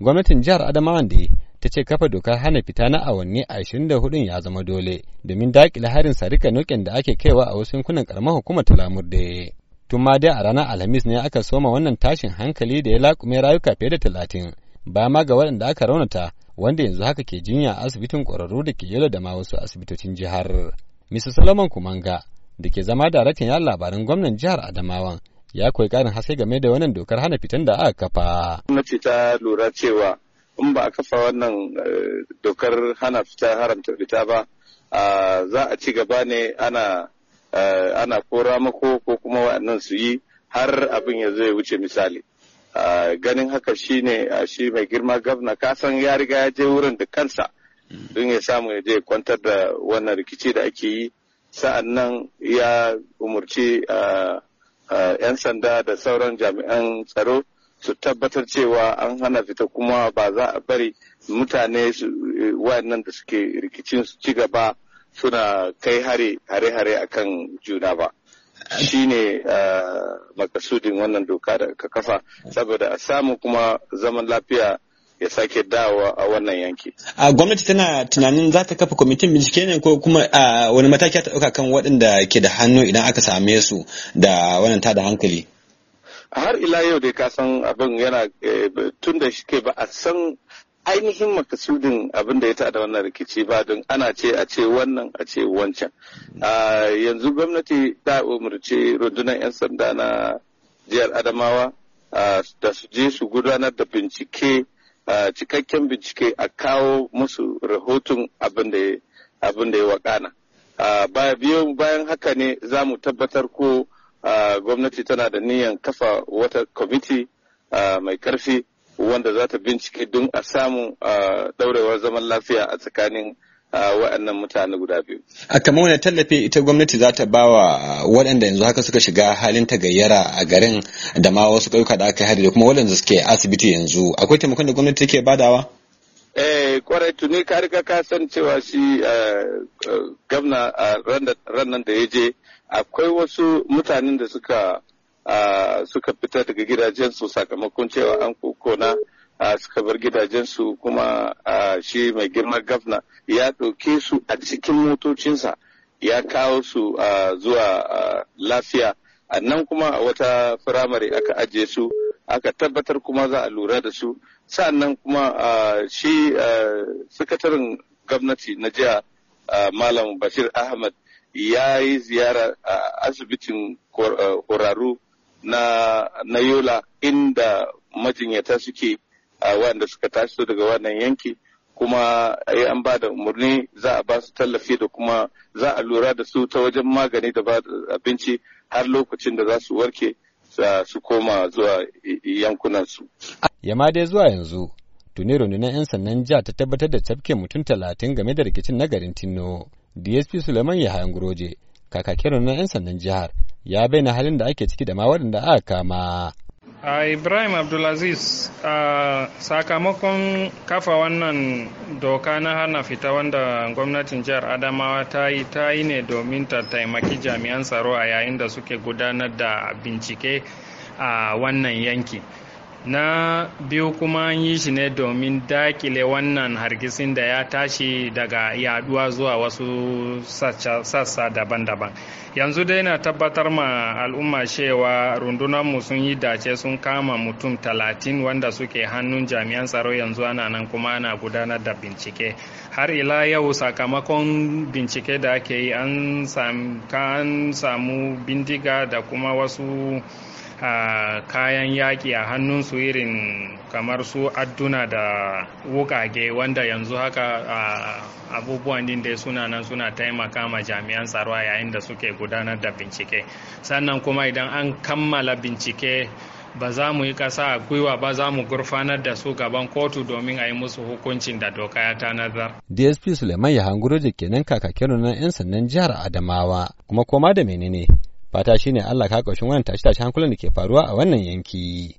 gwamnatin jihar adamawan da ta ce kafa dokar hana fita na awanni 24 ya zama dole domin dakile harin sarika nukin da ake kaiwa a wasu yankunan karamar hukumar talamur da tun ma dai a ranar alhamis ne aka soma wannan tashin hankali da ya laƙume rayuka fiye da talatin ba ma ga waɗanda aka raunata wanda yanzu haka ke jinya a asibitin ƙwararru da ke yalo da ma wasu asibitocin jihar. Mrs. Solomon Kumanga da ke zama daraktan yan labaran gwamnan jihar Adamawan ya koyi ƙarin haske game da wannan dokar hana fitan da aka kafa. Gwamnati ta lura cewa in ba a kafa wannan eh, dokar hana fita haramta fita ba za a ci gaba ne ana eh, ana kora mako ko kuma waɗannan su yi har abin ya zai wuce misali. Ganin haka shi ne shi mai girma gabna kasan ya riga ya je wurin da kansa don ya samu ya je kwantar da wannan rikici da ake yi sa'an nan ya umarci Eh, 'yan sanda da sauran jami'an tsaro su tabbatar cewa an hana fita kuma ba za a bari mutane eh, wayannan da suke rikicin su ci gaba suna kai hare-hare a kan juna ba shi ne eh, makasudin wannan doka da ka kafa saboda a samu kuma zaman lafiya ya sake dawa a wannan yanki. A gwamnati tana tunanin za ta kafa kwamitin bincike ne ko kuma a wani mataki ta ɗauka kan waɗanda ke da hannu idan aka same su da wannan tada hankali. Har ila yau dai ka san abin yana eh, tun da shi ke ba a san ainihin makasudin abin da ya tada wannan rikici ba don ana ce a ce wannan a ce wancan. Yanzu gwamnati ta umarci rundunar 'yan sanda na jihar Adamawa da su je su gudanar da bincike. cikakken bincike a kawo musu rahoton abin da ya wakana. Bayan haka ne za mu tabbatar ko gwamnati tana da niyan kafa wata kwamiti mai karfi wanda za ta bincike don a samu daurewar zaman lafiya a tsakanin A waɗannan mutane guda biyu. A kamar wani tallafi ita gwamnati za ta ba wa waɗanda yanzu haka suka shiga halin gayyara a garin da ma wasu ƙauyuka da aka hari da kuma waɗanda suke asibiti yanzu akwai taimakon da gwamnati take badawa? Eh kwarai tuni ka riga ka san cewa shi eh, eh, gwamna rannan da ya je akwai wasu mutanen da suka suka fita daga gidajensu sakamakon cewa an kokona suka bar gidajensu kuma a shi mai girma gafna ya ɗauke su a cikin motocinsa ya kawo su zuwa lafiya a nan kuma a wata firamare aka ajiye su aka tabbatar kuma za a lura da su sa'annan kuma shi sakataren gwamnati na jiya malam bashir ahmad ya yi ziyara a asibitin na na yola inda majinyata suke wanda suka tashi daga wannan yanki kuma ai an ba da umarni za a ba su tallafi da kuma za a lura da su ta wajen magani da ba abinci har lokacin da za su warke su koma zuwa yankunansu. Yama dai zuwa yanzu tuni rundunar 'yan sannan jiha ta tabbatar da tafke mutum talatin game da rikicin na garin Tinno. DSP Suleiman Yahayan Guroje kakakin rundunar 'yan sannan jihar ya bayyana halin da ake ciki da ma waɗanda aka kama. a ah, ibrahim abdulaziz a ah, sakamakon kafa wannan doka na hana fita wanda gwamnatin jihar adamawa ta yi ta yi ne domin ta taimaki jami'an tsaro a yayin da suke gudanar da bincike a wannan yanki na biyu kuma an yi shi ne domin dakile wannan hargitsin da ya tashi daga yaduwa zuwa wasu sassa daban-daban yanzu dai na tabbatar ma al'umma cewa mu sun yi dace sun kama mutum talatin wanda suke hannun jami'an tsaro yanzu ana nan kuma ana gudanar da bincike har ila yau sakamakon bincike da ake yi an samu bindiga da kuma wasu kayan yaƙi a hannunsu irin kamar su adduna da wukage wanda yanzu haka abubuwan din dai suna nan suna taimaka ma jami'an tsaro yayin da suke gudanar da bincike sannan kuma idan an kammala bincike ba za mu yi ƙasa a gwiwa ba za mu gurfanar da su gaban kotu domin a yi musu hukuncin da doka ya tanadar. DSP Suleiman da kenan kakakin nan 'yan sannan jihar Adamawa kuma koma da menene fata shine Allah ka kaushin wannan tashi tashi hankulan da ke faruwa a wannan yanki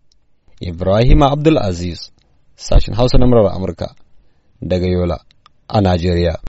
Ibrahim Abdul Aziz sashin Hausa na Amurka daga Yola a Najeriya